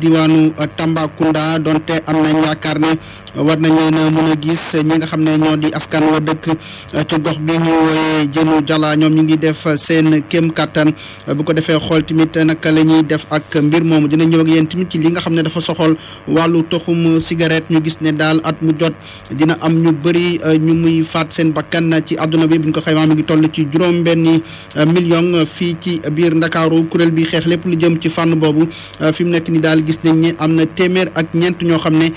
diwaanu Tambacounda donte am nañ yaakaar ne war nañ leen a mën a gis ñi nga xam ne ñoo di askan wa dëkk euh, ci gox bi ñu wooyee jënu jala ñoom ñu ngi def seen kéem kattan euh, bu ko defee xool tamit naka la ñuy def ak mbir moomu dinañ ñëw ak yéen tamit ci li nga xam ne dafa soxol wàllu toxum cigarette ñu gis ne daal at mu jot dina am ñu bëri euh, ñu muy faat seen bakkan ci àdduna bi buñ ko xaymaa mi ngi toll ci juróom benni million fii ci biir ndakaaru kuréel bi xeex lépp lu jëm ci fànn boobu fi mu nekk ni daal gis nañ ne am na téeméer ak ñeent ñoo xam ne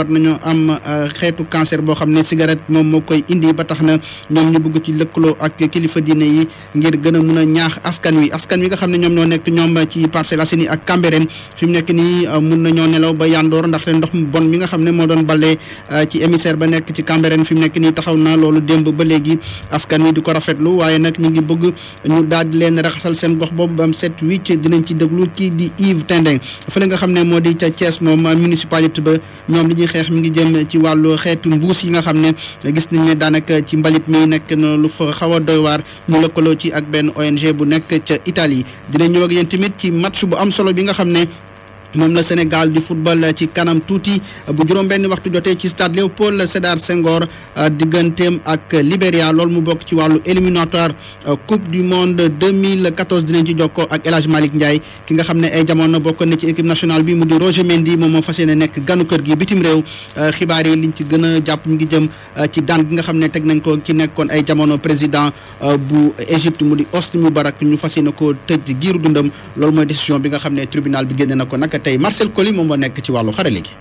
war nañoo am euh, xeetu cancer boo xam ne cigarette moom moo koy indi ba tax na ñoom ñu bëgg ci lëkkaloo ak kilifa diine yi ngir gën a mun a ñaax askan wi askan wi nga xam ne ñoom ñoo nekk ñoom ci Parcelles Assainies ak Cambérène fi mu nekk nii euh, mun nañoo nelaw ba yandoor te ndox mu bon mi nga xam ne moo doon balee euh, ci émissaire ba nekk ci Cambérène fi mu nekk nii taxaw na loolu démb ba léegi askan wi di ko rafet lu waaye nag ñu ngi bëgg ñu daal di leen raxasal seen gox boobu bam set wicc dinañ ci déglu kii di Yves Tendeng fële nga xam ne moo di ca Thiès xeex mi ngi jëm ci wàllu xeetu mbuus yi nga xam ne gis nañ ne daanaka ci mbalit mi nekk na lu fa xaw a doy waar ñu lëkkaloo ci ak benn ONG bu nekk ca Italie dina ñëw ak yéen tamit ci match bu am solo bi nga xam ne moom la Sénégal di football ci kanam tuuti bu juróom-benn waxtu jotee ci stade Léopold Sédar Senghor euh, digganteem ak Libéria loolu mu bokk ci wàllu éliminatoire euh, coupe du monde 2014 dinañ ci jokkoo ak El Hadj Malick Ndiaye ki nga xam ne ay jamono bokkoon na ci équipe nationale bi mu di Roger Mendy moom moo fas yéene nekk ganu kër gi bitim réew euh, xibaar yi liñ ci gën a jàpp ñu ngi jëm ci daan bi nga xam ne teg nañ ko ci nekkoon ay jamono président bu Égypte mu di Hosni Moubarak ñu fas yéene ko tëj giiru dundam loolu mooy bi nga xam ne tribunal bi génne na ko nag tey Marcel Colli moom moo nekk ci wàllu xarale gi.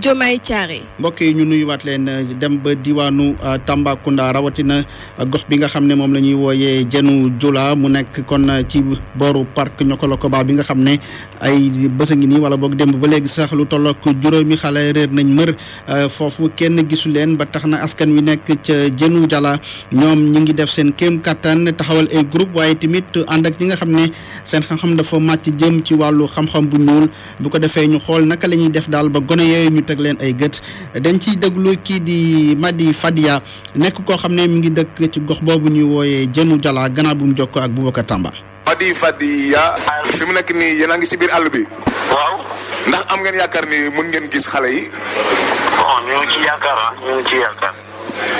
Diomaye Thiaré. mbokk yi ñu nuyuwaat leen euh, dem ba diwaanu euh, Tambacounda rawatina euh, gox bi nga xam ne moom la ñuy wooyee jënu jula mu nekk kon ci booru parc ko koba bi nga xam ne ay bës ngi nii wala boog dem ba léegi sax lu tollook juróomi xale réer nañ mër foofu kenn gisu leen ba tax na askan wi nekk ca jënu jala ñoom ñu ngi def seen kéem kattan taxawal ay group waaye tamit ànd ak ñi nga xam ne seen xam-xam dafa màcc jëm ci wàllu xam-xam bu ñuul bu ko defee ñu xool naka la ñuy def daal teg leen ay gët dañ ciy déglu kii di Madi Fadia nekk koo xam ne mu ngi dëkk ci gox boobu ñuy wooyee jënu jala gannaaw bu mu jokkoo ak Boubacar Tamba. Madi Fadia. fi mu nekk nii yéen a ngi ci biir àll bi. waaw. ndax am ngeen yaakaar ni mun ngeen gis xale yi. bon oh, yaakaar ah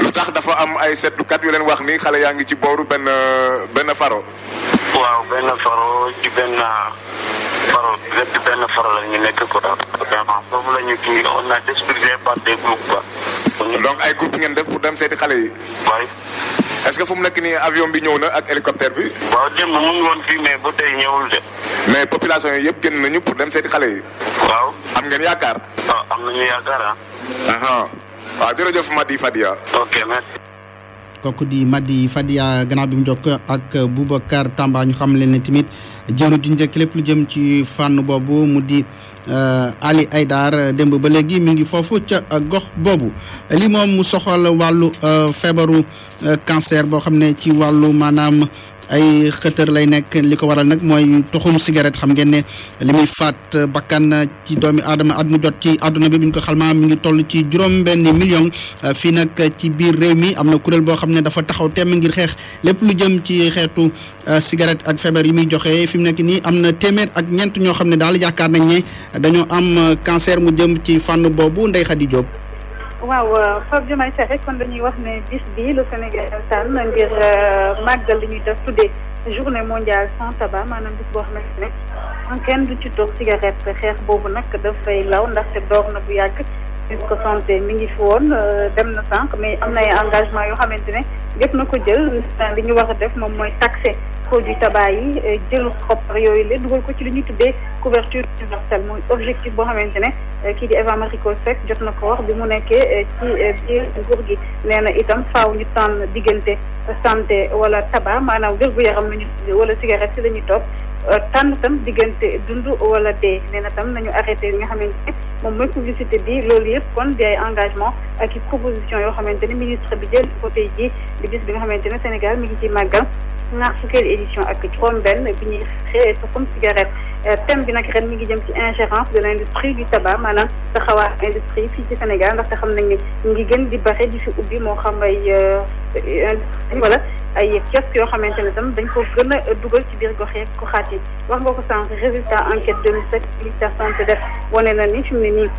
lu tax dafa am ay seetlukat yu leen wax ni xale yaa ngi ci booru benn benn faro. waaw benn faro ci benn. faral lépp benn faral la ñu nekk ko vraiment foofu la ñu kii on a distribué par des groupes quoi. donc ay groupe ngeen def pour dem seeti xale yi. waay. est-ce que fu mu nekk nii avion bi ñëw na ak hélicoptère bi. waaw démb mu ngi woon fii mais ba tey ñëwul de. mais population yi yëpp génn nañu pour dem seeti xale yi. waaw. am ngeen yaakaar. waaw ah, am nañu yaakaar ah. waaw jërëjëf Madi Fadia. ok merci. kooku di Madi Fadia gannaaw bi mu jokk ak Boubacar Tamba ñu xam leen ne tamit. jëru ju njëkk lépp lu jëm ci fànn boobu mu di euh, Ali Aydar démb ba léegi mi ngi foofu ca gox boobu li moom mu soxal wàllu euh, feebaru euh, cancer boo xam ne ci wàllu maanaam ay xëtër lay nekk li ko waral nag mooy toxum cigarette xam ngeen ne li muy faat bakkan ci doomi aadama at mu jot ci àdduna bi bu ñu ko xalmaa mi ngi toll ci juróom benn million fii nag ci biir réew mi am na kuréel boo xam ne dafa taxaw temm ngir xeex lépp mu jëm ci xeetu euh, cigarette ak feebar yi muy joxe fi mu nekk nii am na téeméer ak ñeent ñoo xam ne daal yaakaar nañ ne dañoo am cancer mu jëm ci fànn boobu Ndeye Khady jóob waaw euh, Pape Diomaye Faye rek kon dañuy wax ne bis bi le Sénégal tànn ngir euh, màggal li ñuy def tuddee journée mondiale sans tabac maanaam bis boo xamante ne kenn du ci toog cigarette xeex boobu nag dafay law ndaxte door na bu yàgg. puisque santé mi ngi fi woon euh, dem na sànq mais am na ay engagement yoo xamante ne def na ko jël li ñu war a def moom mooy taxé produit tabac yi euh, jël koppar yooyu la dugal ko ci li ñuy tuddee couverture universelle mooy objectif boo xamante ne euh, kii di Eva Marie Coll jot na ko wax bi mu nekkee ci biir gi nee na itam faaw ñu tànn diggante santé wala tabac maanaam wér gu yaram la ñu wala cigarette ci la ñuy topp Euh, tànn tam diggante dund wala dee nee na tam nañu arrêté li nga xamante ne moom mooy publicité bi loolu yëpp kon di ay engagement ak i proposition yoo xamante ne mi ngi jël ko tey ji di gis bi nga xamante ne Sénégal mi ngi ciy màggal ñaar fukkeelu édition ak juróom benn bi ñuy xëyee comme cigarette euh, thème bi nag ren mi ngi jëm ci ingérence de l' industrie du tabac maanaam taxawaa industrie fii ci Sénégal ndaxte xam nañ ne ngi gën di bare di fi ubbi moo xam ay wala euh, ay kiosque yoo xamante ne tam dañ ko gën dugal ci biir gox yeeg goxaat yi wax nga ko sànq résultat enquête 2007 ministère santé def wane na ni fi mu ne nii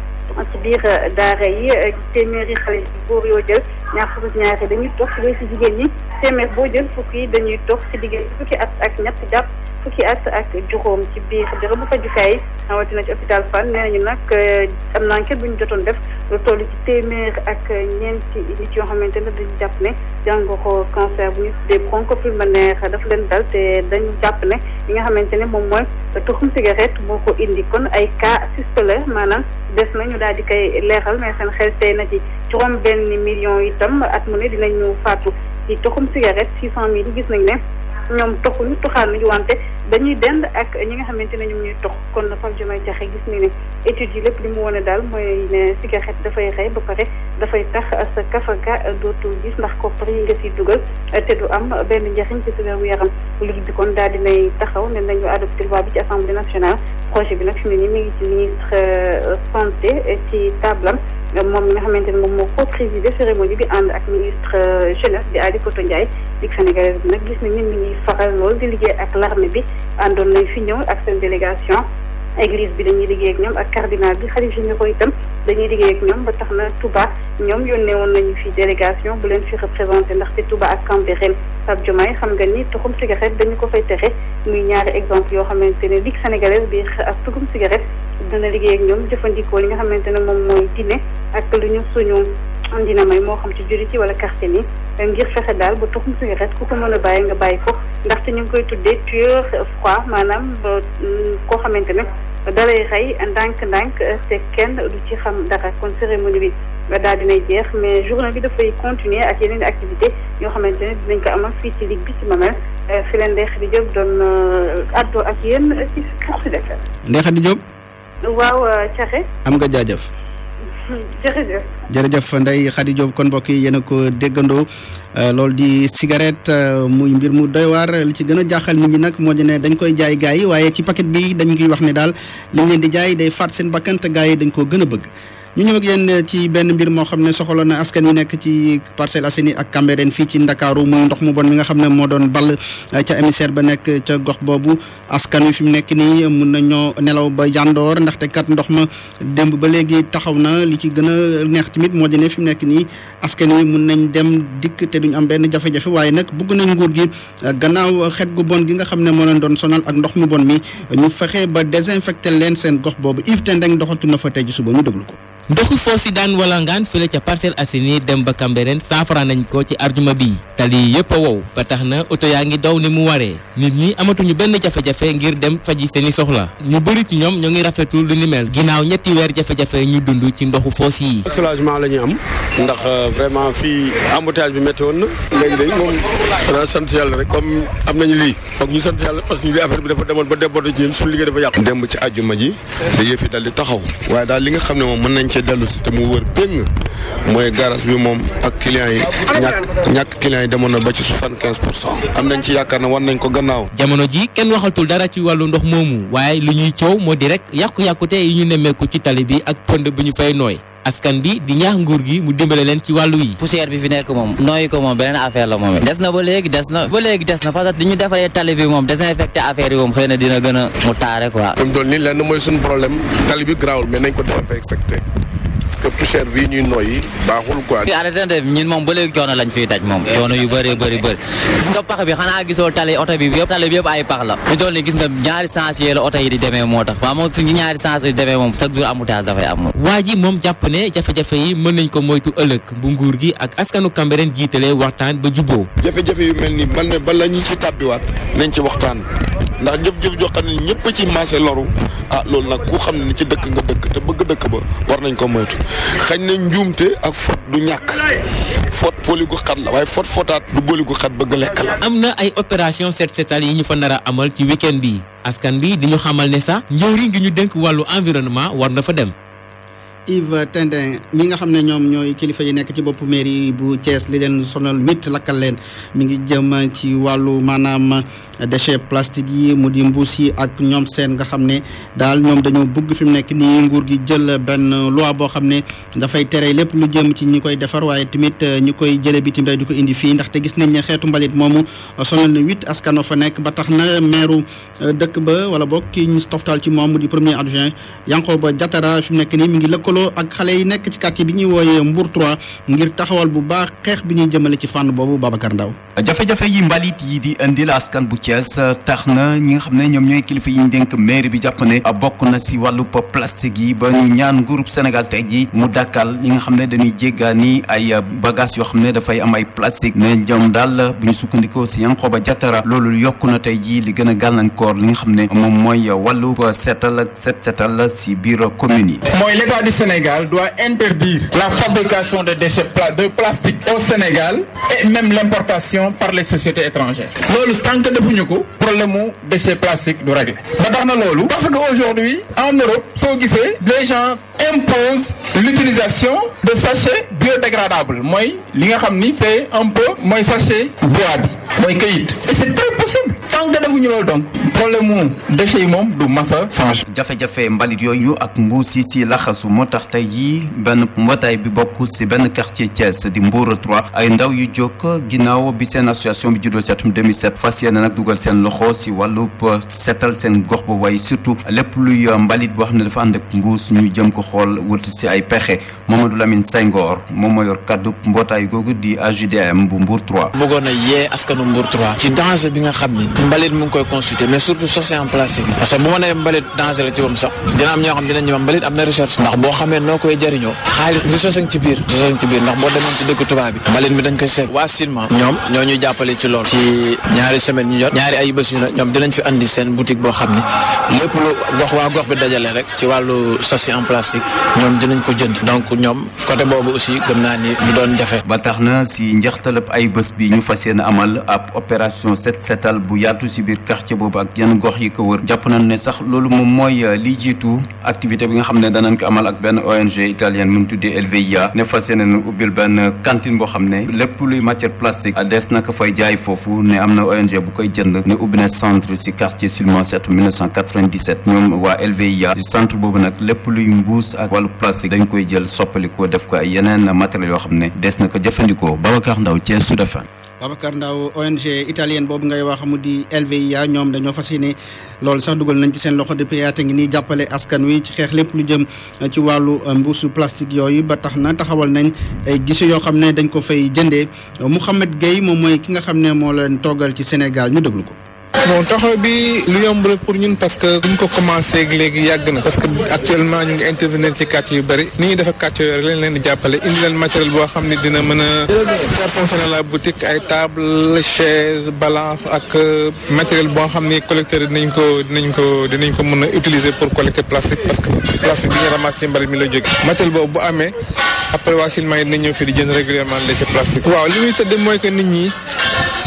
ci biir euh, daara yi euh, téeméeri xale yi góor yoo jël ñaar fukk ak ñaari dañuy toog ci wéy si jigéen ñi téeméer boo jël fukk yi dañuy toog ci diggante fukki at ak ñett jàpp fukki at ak juróom ci biir bérébu fajukaay rawatina ci hôpital Fann nee nañu nag euh, am na enquête bu ñu jotoon def lu toll ci téeméer ak ñeenti nit yoo xamante ne dañu jàpp ne jàngoro cancer bu ñu tuddee bronchopulmonaire dafa leen dal dañu jàpp li nga xamante ne moom mooy tuxum cigarette boo ko indi kon ay cas suspect maanaam des nañu daal di kay leexal mais seen xel tey na ci juróom benn million itam at mu ne dinañu faatu ci tuxum cigarette six cent mille gis nañ ne ñoom toxuñu tuxaan nañu wante dañuy dend ak ñi nga xamante ne ñoom ñuy tox kon Pape Diomaye Diakhar gis ni ne études yi lépp li mu wane daal mooy ne cigarette dafay rey ba pare dafay tax sa kafaga dootul gis ndax koppar yi nga siy dugal te du am benn njariñ ci sa yaram liggéey bi kon daal dinay taxaw ne nañu adopté loi bi ci assemblée nationale projet bi nag fi mu ne nii mi ngi ci ministre euh, santé ci tablam moom mi xamante ne moom moo ko présidé cérémonie bi ànd ak ministre euh, jeunesse bi Aly Poté Ndiaye Ligue sénégalaise bi nag gis nañ ni mi ngi faral lool di liggéey ak l'armée bi àndoon nañ fi ñëw ak seen délégation église bi dañuy liggéey ak ñoom ak cardinal bi xalif généraux itam dañuy liggéey ak ñoom ba tax na tuba ñoom yónnee woon nañu fi délégation bu leen fi représenté ndaxte Touba ak Cambérène Pape Diomaye xam nga ni tuxum cigarette dañu ko fay tere ñaari exemple yoo xamante ne Ligue sénégalaise bi ak tuxum cigarette dina liggéey ak ñoom jëfandikoo li nga xamante ne moom mooy dine ak lu ñu suñu dina may moo xam ci juri ci wala quartier ni euh, ngir fexe daal ba toxum cigarette ku ko mën a bàyyi nga bàyyi ko ndaxte ñu ngi koy tuddee tueur froid maanaam euh, koo xamante ne dalay rey ndànk-ndànk euh, te kenn du ci xam dara kon cérémonie bi daal dinay jeex mais journée bi dafay continuer ak yeneen activité yoo xamante ne dinañ ko amal fii ci ligue bi ci Mamel fi leen Ndeye Khady Diop doon àddoo ak yéen ci Sud FM. Ndeye waaw euh, am nga jaajëf. jërëjëf. ndey Ndeye Khady kon mbokk yi yéen a ko déggandoo euh, loolu di cigarette euh, muy mbir mu doy waar li ci gën a jaaxal nit ñi nag moo di ne dañ koy jaay gars yi waaye ci paquet bi dañ koy wax ne daal liñ leen di jaay day faat seen bakkan te yi dañ koo gën a bëgg. ñu ñëw ak euh, ci benn mbir moo xam ne soxaloon na askan yi nekk ci Parcelles Assainies ak Cambérène fii ci Ndakaaru muy ndox mu bon mi nga xam ne moo doon ball euh, ca émissaire ba nekk ca gox boobu askan wi fi mu nekk nii euh, mun nañoo nelaw ba jàndoor ndaxte kat ndox ma démb ba léegi taxaw na li ci gën a neex tamit moo di ne fi mu nekk nii askan wi mun nañ dem dikk te duñ am benn jafe-jafe waaye nag bugg nañ nguur gi gannaaw xet gu bon gi nga xam ne moo leen doon sonal ak ndox mu bon mi ñu fexe ba désinfecté leen seen gox boobu Yves Tendeng doxatu na fa tey ji suba ñu déglu ko ndoxu foos yi daan walangaan fële ca Parcelles Assainies dem ba Cambérène saafara nañ ko ci arjuma bi tali yëpp a wow ba tax na oto yaa ngi daw ni mu waree nit ñi amatuñu benn jafe-jafe ngir dem faji seeni soxla ñu bari ci ñoom ñoo ngi rafetu lu ni mel ginnaaw ñetti weer jafe-jafe ñu dund ci ndoxu foos yi. soulagement la ñu am ndax euh, vraiment fii embouteillage bi métti woon na léegi day moom danaa yàlla rek comme am nañu lii foog ñu sant yàlla parce que lii bi dafa ba débordé ci ñun suñu liggéey dafa yàqu. démb ci àjjuma ji te di taxaw te dellu si te mu wër péng mooy garage bi moom ak clients yi ñàkk ñàkk clients yi demoon na ba ci soixante am nañ ci yaakaar na war nañ ko gannaaw. jamono ji kenn waxatul dara ci wàllu ndox moomu waaye li ñuy coow moo di rek yàqu-yàqute yi ñu nemmeeku ci tali bi ak pënd bu ñu fay nooy. askan bi di ñaax nguur gi mu dimbale leen ci wàllu yi poussière bi fi nekk moom nooyi ko moom beneen affaire la moom des na ba léegi des na ba léegi des na parce que ñu defaree tali bi moom désinfecté affaire yi moom xëy na dina mooy suñu problème tali bi garaawul mais que poussière bii ñuy noyyi baaxul quoi. fii arrêté ñun moom ba léegi coono lañ fiy daj moom coono yu bëree bëri bëri nga pax bi xanaa gisoo tali oto bi yëpp ay pax la ñu toll ba juboo jafe-jafe yu mel ni man ne ba la ñu ci tàbbiwaat nañ ci waxtaan ndax jëf-jëf joo xam ne ñëpp ci maase loru ah loolu nag ku xam ne ni ci dëkk nga dëkk te bëgg dëkk ba war nañ ko moytu xañ na njuumte ak foot du ñàkk fot poli gu xat la waaye fot fotaat du boli gu xat bëgg lekk la. am na ay opération set setal yi ñu fa nar a amal ci week-end bii askan bi di ñu xamal ne sax njëriñ gi ñu denk wàllu environnement war na fa dem. Yves Tendin ñi nga xam ne ñoom ñooy kilifa yi nekk ci boppu bopp yi bu Thiès li leen sonal huit lakkal leen mi ngi jëm ci wàllu maanaam déchets plastiques yi mu di mbuus yi ak ñoom seen nga xam ne daal ñoom dañoo bugg fi mu nekk nii nguur gi jël benn loi boo xam ne dafay tere lépp lu jëm ci ñi koy defar waaye tamit ñi koy jële bitim réew di ko indi fii te gis nañ ne xeetu mbalit moomu sonal na huit askano fa nekk ba tax na maire dëkk ba wala boog ki ñu toftal ci moom mu di premier adjoint lëkkaloo ak xale yi nekk ci quartier bi ñuy wooyee Mbour ngir taxawal bu baax xeex bi ñuy jëmale ci fànn boobu Babacar Ndaw jafe-jafe yi mbalit yi di indil askan bu Thiès tax na ñi nga xam ne ñoom ñooy kilifa yi ñu dénk maire bi jàpp ne bokk na si wàllu plastique yi ba ñu ñaan groupe Sénégal tey jii mu dakkal ñi nga xam ne dañuy jéggaani ay bagage yoo xam ne dafay am ay plastique ne ñoom daal bu ñu sukkandikoo si ba Diattara loolu yokk na tey jii li gën a gàllankoor li nga xam ne moom mooy wàllu seetal ak set seetal si biir commune yi Sénégal doit interdire la fabrication de déchets de plastique au Sénégal et même l'importation par les sociétés étrangères loolu tant que defuñu ko problème mu déchets plastiques du régler ba tax na loolu parce que aujourd'hui en Europe soo gisee les gens imposent l'utilisation de sachets biodégradables mooy li nga xam ni c'est un peu mooy sachet bois bi mooy kayit et c'est très possible tant que defuñu loolu donc problème moom du masa change jafe-jafe mbalit yooyu ak mbuus yi si laxasu moo tax tey yi benn mbootaay bi bokk si benn quartier Thiès di Mbour 3 ay ndaw yu jóg ginnaaw bi seen association bi juddoo si atum 2007 fas yéene nag dugal seen loxo si wàllub setal seen gox ba waaye surtout lépp luy mbalit boo xam ne dafa ànd ak mbuus ñu jëm ko xool wut si ay pexe Mamadou Lamine Senghor moom moo yor kaddu mbootaay googu di AJDM bu Mbour 3. bëggoon a yee askanu Mbour 3. ci danger bi nga xam ni. mbalit mu ngi koy consulter surtout sachet en plastique parce que bu ma nee mbalit dangereux ci moom sax dina am ñoo xam dinañ ma mbalit am na recherche ndax boo xamee noo koy jariñoo xaalis recherche ci biir recherche ci biir ndax boo demoon ci dëkk tubaab bi mbalit mi dañ koy seet waa Sinma ñoom ñoo ñuy jàppale ci loolu ci ñaari semaine ñu jot ñaari ay bés ñu ne ñoom dinañ fi andi seen boutique boo xam ne lépp gox waa gox bi dajale rek ci wàllu sachet en plastique ñoom dinañ ko jënd donc ñoom boobu aussi gëm yenn gox yi ko wër jàpp nañ ne sax loolu moom mooy euh, li jiitu activité bi nga xam ne danañ ko amal ak benn ONG italienne mu tuddee LVIA ne fas yéeneen ubbil benn cantine boo xam ne lépp luy matière plastique euh, des na ko fay jaay foofu ne am na ONG bu koy jënd ne ubbi na centre si quartier Sulman 7 1997 ñoom waa LVIA centre boobu nag lépp luy mbuus ak wàllu plastique dañ koy jël soppalikoo def ko ay yeneen matériels yoo xam ne des na ko jëfandikoo Babacar Ndaw Thiès Sud FM Babacar Ndaw ONG italien boobu ngay wax di LVIA ñoom dañoo fas yéene loolu sax dugal nañ ci seen loxo depuis yaata ngi nii jàppale askan wi ci xeex lépp lu jëm ci wàllu euh, mbuusu plastique yooyu ba tax na taxawal nañ ay gise yoo xam ne dañ ko fay jëndee Mouhamed Gueye moom mooy ki nga xam ne moo leen toggal ci Sénégal ñu déglu ko bon taxaw bi lu yomb pour ñun parce que buñ ko commencé léegi yàgg na parce que actuellement ñu ngi intervenir ci quartier yu bëri ni ñuy def ak yooyu rek leen jàppale indi leen matériel boo xam ne dina mën a faire fonctionner la boutique ay table chaise balance ak euh, matériel boo xam ne collecteur dinañ ko dinañ ko dinañ ko mën a utiliser pour collecter plastique parce que plastique bi ñu ramasse ci mbari mi la jóge matériel boobu bu amee après waa Silema yi ñëw fii di jënd régulièrement déchet plastique waaw li muy tëdd mooy que nit ñi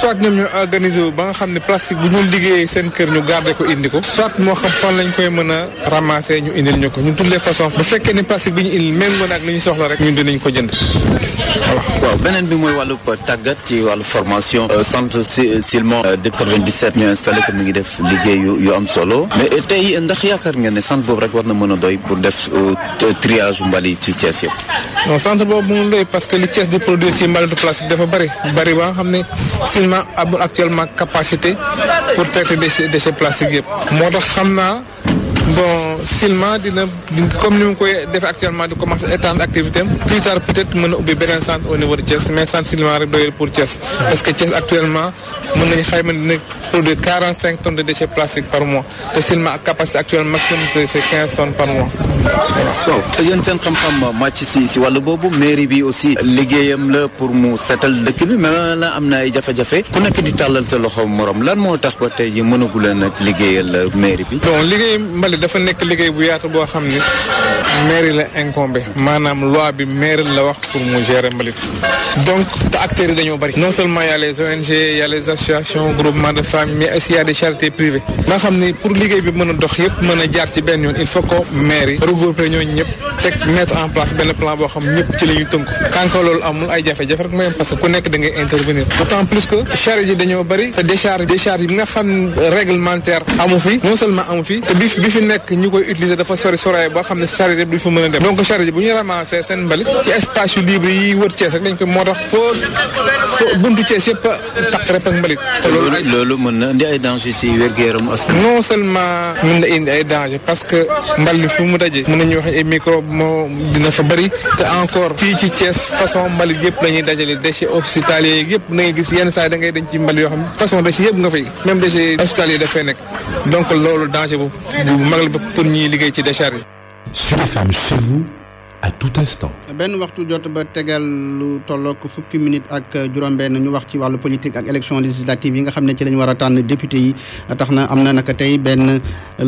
soit ñoom ñu organiser wu ba nga xam ne plastique bu ñu liggéeyee seen kër ñu garder ko indi ko soit moo xam fan lañ koy mën a ramasser ñu indil ñu ko ñun toutes les façons bu fekkee ne plastique bi ñu indil ko jënd mi euh, euh, euh, ngi def liggéey yu yu am solo mais tey ndax yaakaar ngeen ne centre boobu rek war na mën a doy pour def triage mbalit ci Thiès yëpp. non centre boobu mënul doy parce que li Thiès di produire ci mbalitu plastique dafa bari bari ba nga xam ne actuellement amul actuellement capacité pour traiter déchets déchets plastiques yëpp moo tax xam naa bon Silema dina comme ni mu koy defee actuellement di commencer étendre activité am plus tard peut-être mën a ubbi beneen centre au niveau de Thiès mais centre Silema rek doyul pour Thiès. parce que Thiès actuellement mën nañu xayma dina produire quarante cinq tonnes de déchets plastiques par mois te Silema ak capacité actuelle maximum de c'est quinze tonnes par seen xam-xam màcc si si wàllu boobu mairie bi aussi liggéeyam la pour mu seetal dëkk bi mais la am na ay jafe-jafe ku nekk di tàllal sa loxo morom lan moo tax ba tey jii mënagu leen ak liggéeyal mairie bi. ne dafa nekk liggéey bu yaatu boo xam ne mairie la incombé maanaam loi bi mairie la wax pour mu gérer mbalit donc te acteurs yi dañoo bari non seulement y a les ONG y a les associations groupement de famille mais aussi y a des nga xam ne pour liggéey bi mën a dox yëpp mën a jaar ci benn yoon il faut que mairie regrouper ñooñu ñëpp teg mettre en place benn plan boo xam ñëpp ci la ñuy tënku tant que loolu amul ay jafe-jafe rek mooy parce que ku nekk da ngay intervenir d'autant plus que charge yi dañoo bari te décharge bi nga xam réglementaire amu fi non nekk ñu koy utiliser dafa sori soraay boo xam ne charrette yëpp duñ fa mën a dem donc charrette bu ñu ramassé seen mbalit ci espace yu libre yi wër Thiès rek dañ ko moo tax foo buntu Thiès yëpp taq na ay danger ci wér-gu-yaramu askan non seulement mën na indi ay danger parce que mbalit fu mu daje mën nañu wax ay microbe moo dina fa bëri te encore fii ci Thiès façon mbalit yëpp la ñuy dajale déchets hospitaliers yëpp na ngay gis yenn saa da ngay dañ ci mbalit yoo xam façon déchets yëpp nga fay même déchets hospitaliers dafay nekk donc loolu danger bu mag la pour ñuy liggéey ci décharge yi. Sud FM chez vous. à tout instant. benn waxtu jot ba tegal lu tollook fukki minute ak juróom-benn ñu wax ci wàllu politique ak élection législative yi nga xam ne ci lañ war a tànn député yi tax na am na naka tey benn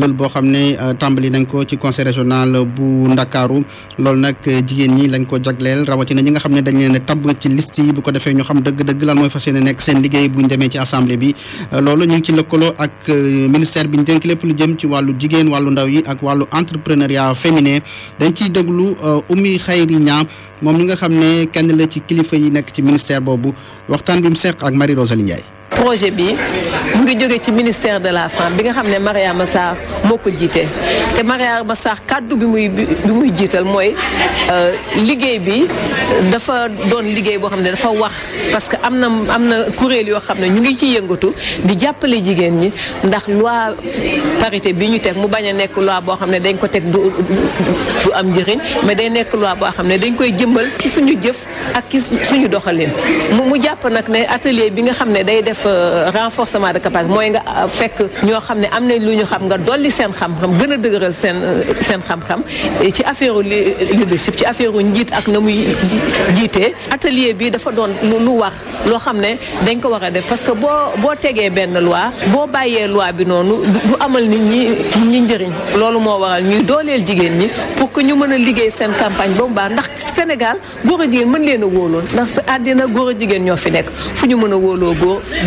lël boo xam ne euh, tàmbali nañ ko ci conseil régional bu ndakaaru loolu nag euh, jigéen ñi lañ ko jagleel rawatina ñi nga xam ne dañ leen tabb ci liste yi bu ko defee ñu xam dëgg-dëgg lan mooy fas yéene nekk seen liggéey buñ demee ci assemblée bi euh, loolu ñu ngi ci lëkkaloo ak ministère bi ñu dénk lépp lu jëm ci wàllu jigéen wàllu ndaw yi ak wàllu entrepreneuriat féminin Oumy Khayri Niang moom mi nga xam ne kenn la ci kilifa yi nekk ci ministère boobu waxtaan bi mu seq ak Marie Rosalie Ndiaye mu ngi jógee ci ministère de la femme bi nga xam ne Mariama Sarr moo ko jiitee te Mariama Sarr kàddu bi muy muy jiital mooy euh, liggéey bi dafa doon liggéey boo xam ne dafa wax parce que am na am na kuréel yoo xam ne ñu ngi ci yëngatu di jàppale jigéen ñi ndax loi parité bi ñu teg mu bañ a nekk loi boo xam ne dañ ko teg du du am njëriñ mais day nekk loi boo xam ne dañ koy jëmbal ci suñu jëf ak ci suñu doxalin mu jàpp nag ne atelier bi nga xam ne day def euh, renforcement de capacité mooy nga euh, fekk ñoo xam ne am nañ lu ñu xam nga dolli seen xam-xam gën a dëgëral seen seen xam-xam ci affaire leadership ci affaire njiit ak na muy jiite atelier bi dafa doon lu war loo xam ne dañ ko war a def parce que boo boo tegee benn loi boo bàyyee loi bi noonu du amal nit ñi ñi njëriñ loolu moo waral ñuy dooleel jigéen ñi pour que ñu mën a liggéey seen campagne ba mu baax ndax Sénégal góor a jigéen mën leen a wóoloon ndax sa àddina góor a jigéen ñoo fi nekk fu ñu mën a wóoloo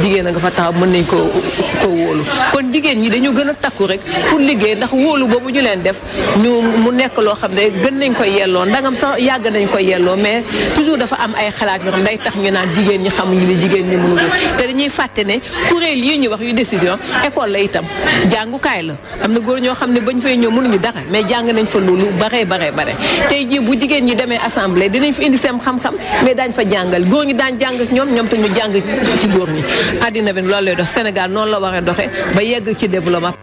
jigéen a nga fa mën nañ ko koo koo wóolu kon jigéen ñi dañu gën a takku rek pour liggéey ndax wóolu boobu ñu leen def ñu mu nekk loo xam ne gën nañ koy yelloo ndangam sax yàgg nañ koy yelloo mais toujours dafa am ay xalaat yoo day tax ñu naan jigéen ñi xamuñu ne jigéen ñi mënuñu te dañuy fàtte ne kuréel yi ñu wax yu décision école la itam jàngukaay la am na góor ñoo xam ne bañ fay ñëw mënuñu dara mais jàng nañ fa loolu bare bare bare tey jii bu jigéen ñi demee assemblée dinañ fa indi seen xam-xam mais daañ fa jàngal góor ñi daan jàng ñoom ñoom te ñu jàng ci góor ñi àddina bi loolu lay dox Sénégal noonu la war doxe ba yegg ci développement.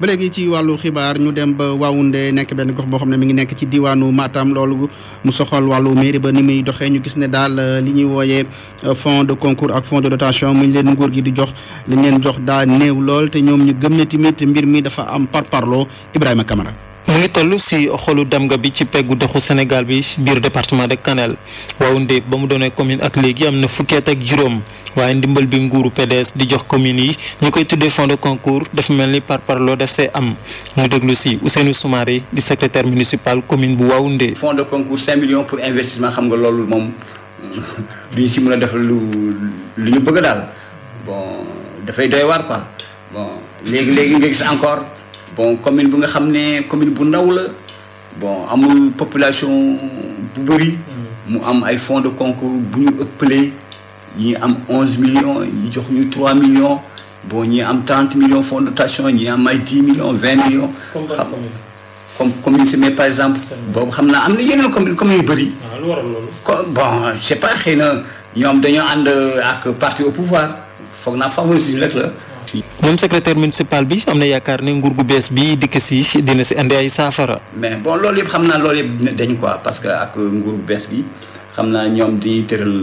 ba léegi ci wàllu xibaar ñu dem ba Waoundé nekk benn gox boo xam ne mi ngi nekk ci diwaanu maatam loolu mu soxal wàllu mairie ba ni muy doxee ñu gis ne daal euh, li ñuy wooyee euh, fonds de concours ak fonds de dotation mu leen nguur gi di jox li leen jox daa néew lool te ñoom ñu gëm ne tamit mbir mi dafa am par parparloo Ibrahima Camara. mu ngi toll si xolu Damga bi ci peggu dexu Sénégal bi biir département de Kanel Waoundé ba mu doonee commune ak léegi am na fukki at ak juróom waaye ndimbal bi nguuru PDS di jox commune yi ñu koy tuddee fonds de concours daf mel ni par par loo def see am mu déglu si Ousseynou Soumaré di secrétaire municipal commune bu Waoundé. fonds de concours 5 millions pour investissement xam nga loolu moom duñu si mën def lu lu ñu bëgg daal bon dafay doy bon commune bu nga xam ne commune bu ndaw la bon amul population bu bëri. Hmm. mu am ay fonds de concours bu ñu ëppalee ñi am onze million ñi jox ñu trois millions bon ñi am trente millions fonds de dotation ñi am ay dix millions vingt millions. comme commune comme commune si mais par exemple. boobu xam naa am na yeneen commune commune yu bëri. Ah, lu waral loolu. bon je sais pas xëy na ñoom dañoo ànd ak parti au pouvoir foog naa favoritisme rek la. fii. moom secrétaire municipal bi am na yaakaar ne nguur gu bees bi dikk si dina si andi ay saafara. mais bon loolu yëpp xam naa loolu yëpp dañ quoi parce que ak nguur gu bees bi xam naa ñoom di tëral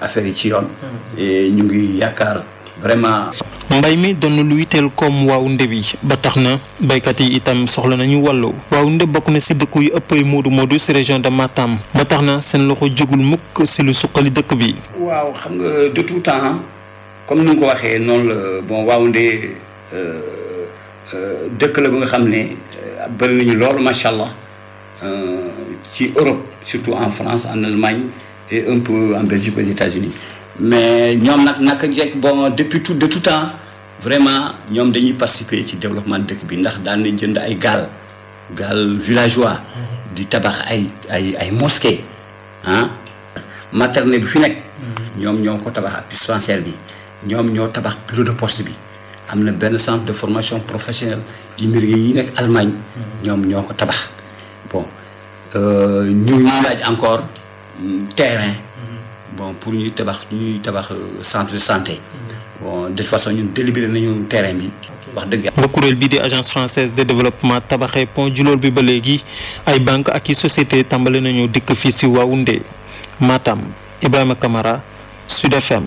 affaire yi ci yoon. Hmm. ñu ngi yaakaar vraiment. mbay mi doon luy teel comme waaw ndëb yi ba tax na béykat yi itam soxla nañu wàllu waaw ndëb bokk na si dëkk yu ëppay moodu moodu si région de Matam ba tax na seen loxo jógul mukk si lu suqali dëkk bi. waaw xam nga de comme ni nga ko waxee noonu la bon Waoundé euh, euh, dëkk la bu nga xam ne euh, bëri nañu loolu macha allah ci Europe surtout en France en Allemagne et un peu en Belgique aux États-Unis mais ñoom nag naka jekk bon depuis tout de tout temps vraiment ñoom dañuy participer ci développement dëkk bi ndax daan nañ jënd ay gaal gaal villageois di tabax ay ay ay mosquée ah bi fi nekk mm-hmm. ñoom ñoo ko tabax ak dispensaire bi ñoom ñoo tabax bureau de poste bi am na benn centre de formation professionnelle di mbir yi nekk Allemagne. ñoom ñoo ko tabax bon euh, ñu ñu laaj encore mm, terrain. bon pour ñuy tabax ñuy tabax euh, centre de santé. bon de façon ñun délibéré nañu terrain bi. wax dëgg nga kuréel bii di agence française de développement tabaxee pont Djilor bi ba léegi ay banque ak i société tàmbali nañu dikk fii si Waoundé maatam Ibrahima kamara Sud FM.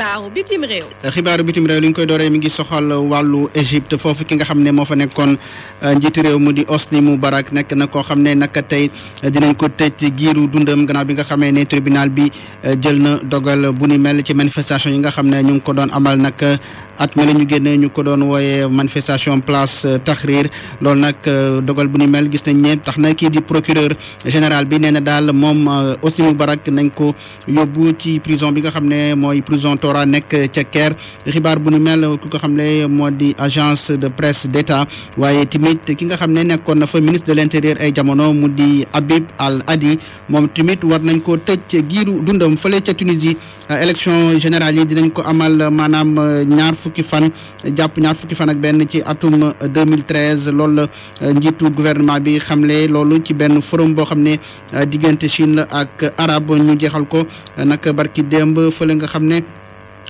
xibaaru bitim réew. xibaaru bitim li ñu koy dooree mi ngi soxal wàllu Égypte foofu ki nga xam ne moo fa nekkoon euh, njiiti réew mu di Hosni Moubarak nekk na koo xam ne naka tey euh, dinañ ko tëj giiru dundam gannaaw bi nga xamee ne tribunal bi euh, jël na dogal bu ni mel ci manifestation yi nga xam ne ñu ngi ko doon amal nag at mel ñu génne ñu ko doon wooyee manifestation place Tahrir loolu nag dogal bu ni mel gis nañ ne tax na kii di procureur général bi nee daal moom Hosni Moubarak nañ ko yóbbu ci prison bi nga xam ne mooy prison doctorat nekk ca Caire xibaar bu nu mel ki ko xam ne moo di agence de presse d'État waaye tamit ki nga xam ne nekkoon na fa ministre de l'intérieur ay jamono mu di Habib Al Hadi moom tamit war nañ ko tëj giiru dundam fële ca Tunisie euh, élection général yi dinañ ko amal euh, maanaam euh, ñaar fukki fan jàpp ñaar fukki fan ak benn ci atum 2013 loolu la njiitu gouvernement bi xamle loolu ci benn forum boo xam ne diggante Chine la ak arabe ñu jeexal ko nag barki démb fële nga xam ne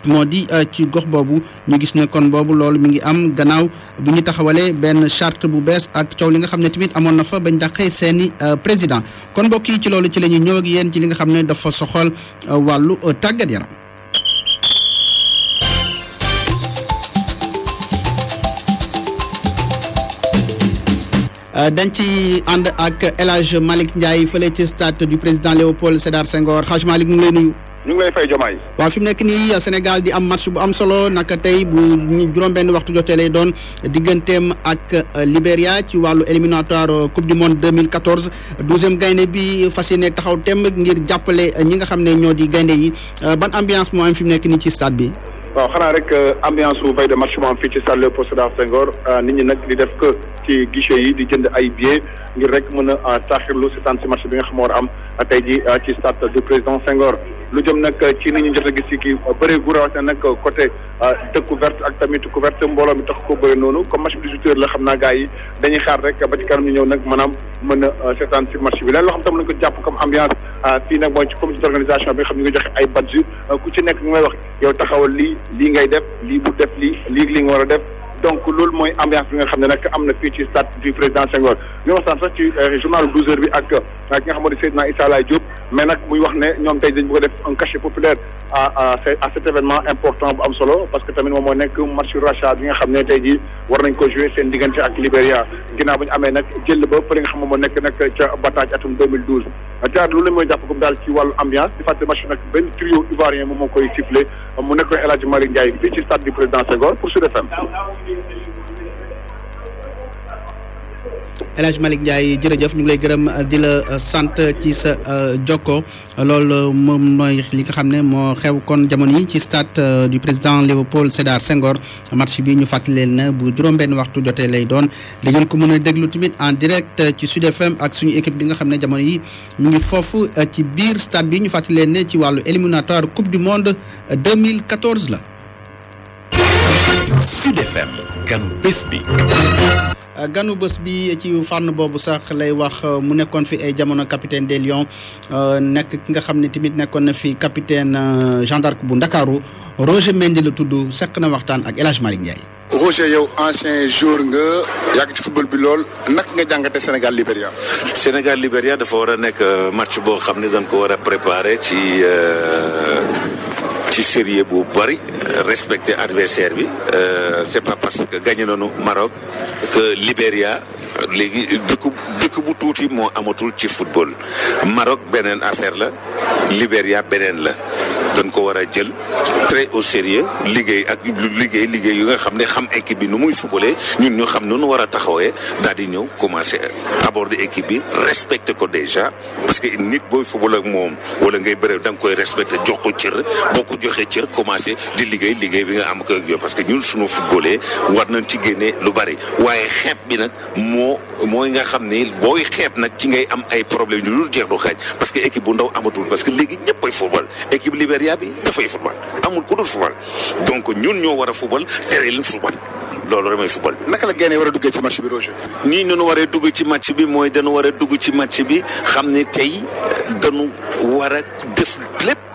moo di euh, ci gox boobu ñu gis ne kon boobu loolu mi ngi am gannaaw bi ñu taxawalee benn chart bu bees ak coow li nga xam ne tamit amoon na fa bañ dàqee seeni euh, président kon mbokk yi ci loolu ci lañuy ñuy ñëw ak yéen ci li nga xam ne dafa soxal euh, wàllu tàggat yaram. dañ ci ànd ak El Hadj Malick Ndiaye fële ci stade du président Léopold Sédar Senghor Hadj Malick mu ngi ñu ngi lay fay jomaay. waaw fi mu nekk nii Sénégal di am match bu am solo naka tey bu juróom-benn waxtu jotee lay doon digganteem ak euh, Libéria ci wàllu éliminatoire euh, coupe du monde 2014 douzième gaynde bi fas yéene taxaw tem ngir jàppale euh, ñi nga xam ne ñoo di gaynde yi ban ambiance fi mu nekk nii ci stade bi. xanaa rek ambiance bu veille de match bu am fii ci stade Léopold nit ñi nag di def ko ci guichet yi di jënd ay billets ngir rek mën a taaxirlu seetaan si match bi nga xam war am tey ji ci stade du président Senghor. lu jëm nag ci ni ñu jot a gis ci kii bëree gu rawatina nag côté euh, dëkku verte ak tamit couverte mbooloo mi tax ko bëri noonu comme match bi 18 heures la xam naa gars yi dañuy xaar rek ba ci kanam ñëw nag maanaam mën a euh, seetaan si match bi leen loo xam tam lañ ko jàpp comme ambiance euh, fii nag mooy ci comité d'organisation bi nga xam ñu ngi joxe ay badge ku ci nekk ñu may wax yow taxawal lii lii ngay def lii bu def lii lii li nga war a def donc loolu mooy ambiance bi nga xam ne nag am na fii ci stade du président Senghor ñu waxtaan sax ci euh, journal 12 heures bi ak ki nga xamante Seydina Issa Laye Diop mais nag muy wax ne ñoom tey dañ bëgg a def un cachet populaire à cet événement important bu am solo parce que tamit moom moo nekk match rachat bi nga xam ne tey jii war nañ ko jouer seen diggante ak Libéria ginnaaw bu ñu amee nag jël ba fële nga xam moom moo nekk nag ca bataaj atum 2012. jaar loolu la El Hadj Malick Ndiaye jërëjëf ñu ngi lay gërëm euh, di la euh, sant ci sa euh, jokko loolu moom mooy li nga xam ne moo xew kon jamono yi ci stade du président Léopold Sédar Senghor match bi ñu fàttali leen na bu juróom-benn waxtu jotee lay doon da ngeen ko mën a déglu tamit en direct ci Sud FM ak suñu équipe bi nga xam ne jamono yi mu ngi foofu ci biir stade bi ñu fàttali leen ne ci wàllu éliminatoire coupe du monde 2014 la. Sud FM ganu bés bi euh, ganu bés bi ci fànn boobu sax lay wax euh, mu nekkoon fi ay jamono capitaine des Lions euh, nekk ki nga xam ne tamit nekkoon na fi capitaine Jeanne bu Ndakaaru Roger Mendy la tudd seq na waxtaan ak El Hadj Malick Ndiaye. Roger yow ancien jours nga yàgg ci football bi lool nak nga jàngate Sénégal Libéria. Sénégal Libéria dafa war a nekk match boo xam ne dañ ko war a préparer ci. ci série bu bëri respecter adversaire bi euh, c'est pas parce que gagné nañu Maroc que Libéria léegi dëkk bu tuuti moo amatul ci football Maroc beneen affaire la Libéria beneen la dañ ko war a jël très au sérieux liggéey ak liggéey liggéey yu nga xam ne xam équipe bi nu muy fubalee ñun ñu xam nu nu war a taxawee daal di ñëw commencé aborder équipe bi respecté ko déjà parce que nit booy fubal ak moom wala ngay bëre da nga koy respecté jox ko cër boo ko joxee cër commencé di liggéey liggéey bi nga am parce que ñun suñu fubalee war nañ ci génnee lu bari waaye xeeb bi nag moo mooy nga xam ni booy xeeb nag ci ngay am ay problème yu dul jeex du xaaj parce que équipe bu ndaw amatul parce que léegi ñëppay fubal équipe commissariat bi dafay football amul ku dul football donc ñun ñoo war a football tere leen football loolu rek mooy football. naka la gaynde war a duggee ci match bi Roger. nii ñu war a dugg ci match bi mooy dañu war a dugg ci match bi xam ne tey dañu war a def lépp.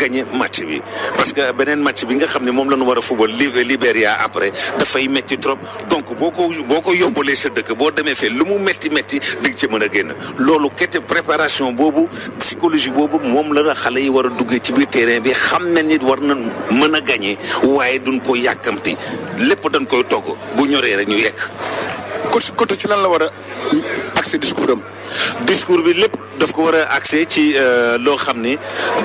gagné match bi parce que beneen match bi nga xam ne moom la ñu war a fubal Libéria après dafay metti trop donc boo ko boo ko yóbbalee sa dëkk boo demee fee lu mu metti metti di nga ci mën a génn loolu kete préparation boobu psychologie boobu moom la xale yi war a duggee ci biir terrain bi xam nañ ni war na mën a gagné waaye duñ ko yàkkamti lépp dañ koy togg bu ñoree rek ñu yekk. coach ci lan la war a accès discours am discours bi lépp daf ko war a accès ci euh, loo xam ni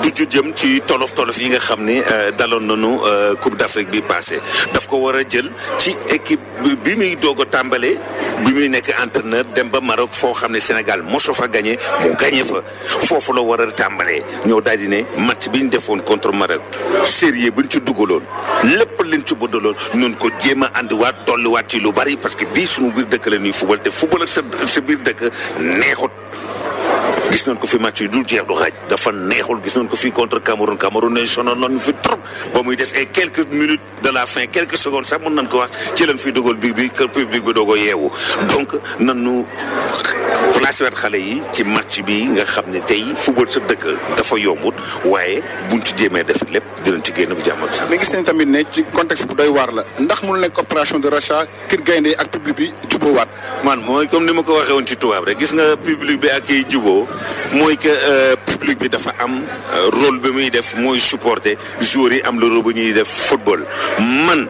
du ju jëm ci tolof tolof yi nga xam ni euh, daloon nañu euh, Coupe d'Afrique bi passé daf ko war a jël ci équipe bi muy doog a tàmbalee bi muy nekk entraîneur dem ba Maroc foo xam ne Sénégal mosu fa gañe mu gagné fa foofu la war a tàmbalee ñëw daal di ne match bi ñu defoon contre Maroc sérieux bi ñu ci dugaloon lépp liñ ci bëddaloon noonu ko jëm a andiwaat dolliwaat ci lu bari parce que bii suñu biir dëkk la ñuy fubal te fubal ak sa dëkk neexut gis nañ ko fi match yi dul jeex du xaaj dafa neexul gis nañ ko fi contre Cameroun Cameroun ne sonoon nañu fi trop ba muy des ay quelques minutes de la fin quelques secondes sax mën nañ ko wax ci lañ fi dugal bi bi kër public yeewu donc nanu placé waat xale yi ci match bi nga xam ne tey football sa dëkk dafa yombut waaye buñ ci jéemee def lépp dinañ ci génn bu jàmm ak sax. mais gis nañ tamit ne ci contexte bu doy waar la ndax mun nekk opération de rachat kër gaynde ak public bi mooy comme ni ma ko waxee woon ci tubaab rek gis nga public bi ak kiy jubóo mooy que euh, public bi dafa am euh, rôle bi muy def mooy supporter joueurs yi am le rôle bu ñuy def football man.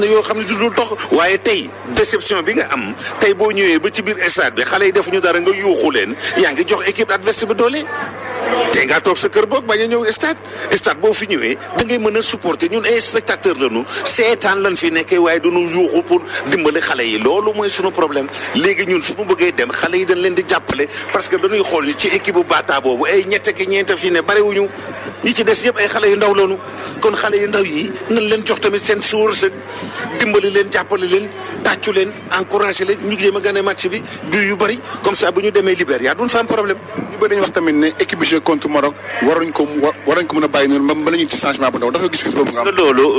na yoo xam ne du dul dox waaye tey déception bi nga am tey boo ñëwee ba ci biir stade bi xale yi defuñu dara nga yuuxu leen yaa ngi jox équipe adverse bi doole. tey ngaa toog sa kër boog bañ a ñëw stade stade boo fi ñëwee da ngay mën a supporter ñun ay spectateur lañu seetaan lan fi nekkee waaye duñu yuuxu pour dimbali xale yi loolu mooy suñu problème léegi ñun fu mu bëggee dem xale yi dañ leen di jàppale parce que dañuy xool ci équipe bu baataa boobu ñeente fi ne barewuñu ñi ci des yëpp ay xale yu ndaw lañu kon xale yu yi nañ leen jox tamit seen suur seen dimbali leen jàppale leen tàccu leen encouragé leen ñu jéem a gagné match bi du yu bëri comme ça bu ñu demee Libéria duñ fa am problème. ñu bëri dañu wax tamit ne équipe bi joué contre Maroc waruñ ko waruñ ko mën a bàyyi noonu ba ba la ñuy ci changement bu ndaw ndax nga gis-gis boobu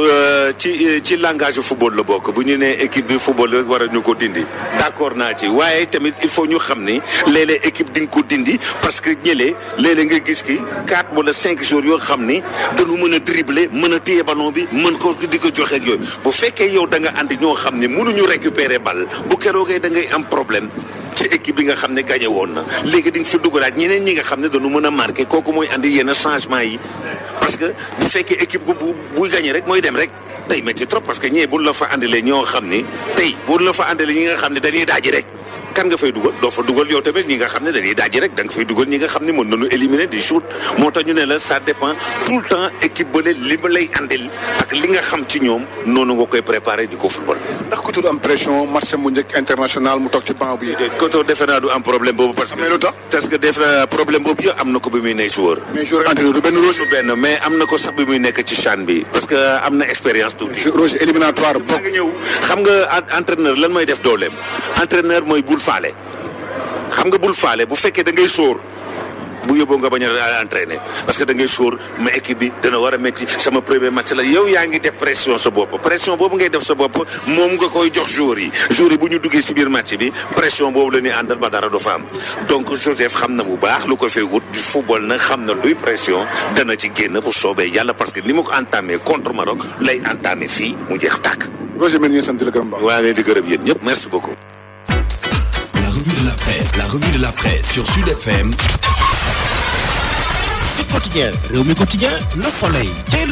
euh, euh, football la bokk bu ñu nee équipe bi football rek war a ñu ko dindi. d'accord naa ci waaye tamit il faut ñu xam ni léeg-léeg équipe di nga ko dindi parce que ñëlee léeg-léeg nga gis ki quatre wala cinq jours yoo xam ni dañu mën a dribbler mën a téye ballon bi mën di ko joxe ak fekkee yow danga nga ñoo xam ne mënuñu récupérer bal bu keroogee da ngay am problème ci équipe bi nga xam ne gagné woon na léegi di nga fi dugalaat ñeneen ñi nga xam ne dañu mën a marqué kooku mooy andi yenn changement yi parce que bu fekkee équipe bu buy gagné rek mooy dem rek day métti trop parce que ñee buñ la fa andilee ñoo xam ni tey buñ la fa andilee ñi nga xam ne dañuy daaji rek. kan nga fay dugal doo fa dugal yow tamit ñi nga xam ne dañuy dajji rek da fay dugal ñi nga xam ne mën nañu éliminer di shoot moo tax ñu ne la ça dépend tout le temps équipe bële li ma andil ak li nga xam ci ñoom noonu nga koy préparer di ko football. ndax Couture am du am problème boobu parce que. mais problème boobu yëpp am na ko bi muy ne joueur. mais joueur entraîneur du benn Roger benn mais am na ko sax bi muy nekk ci CHAN bi. parce que am na faale xam nga bul faale bu fekkee da ngay sóor bu yóbboo nga bañ a entraîner parce que da ngay sóor ma équipe bi dana war a métti sama premier match la yow yaa ngi def pression sa bopp pression boobu ngay def sa bopp moom nga koy jox joueurs yi joueurs yi bu ñu duggee si biir match bi pression boobu la ñuy àndal ba dara du am donc xam na bu baax lu ko fay wut football nag xam na luy pression dana ci génn bu soobee yàlla parce que ni ma ko entamé contre Maroc lay entamé fii mu jeex tàkk. Roger Mendy ñu sant la gërëm baax. waaw di gërëm yéen ñëpp merci beaucoup. la presse, la revue de la presse sur Sud FM. Sud Quotidien, Rewmi Quotidien, Le Soleil.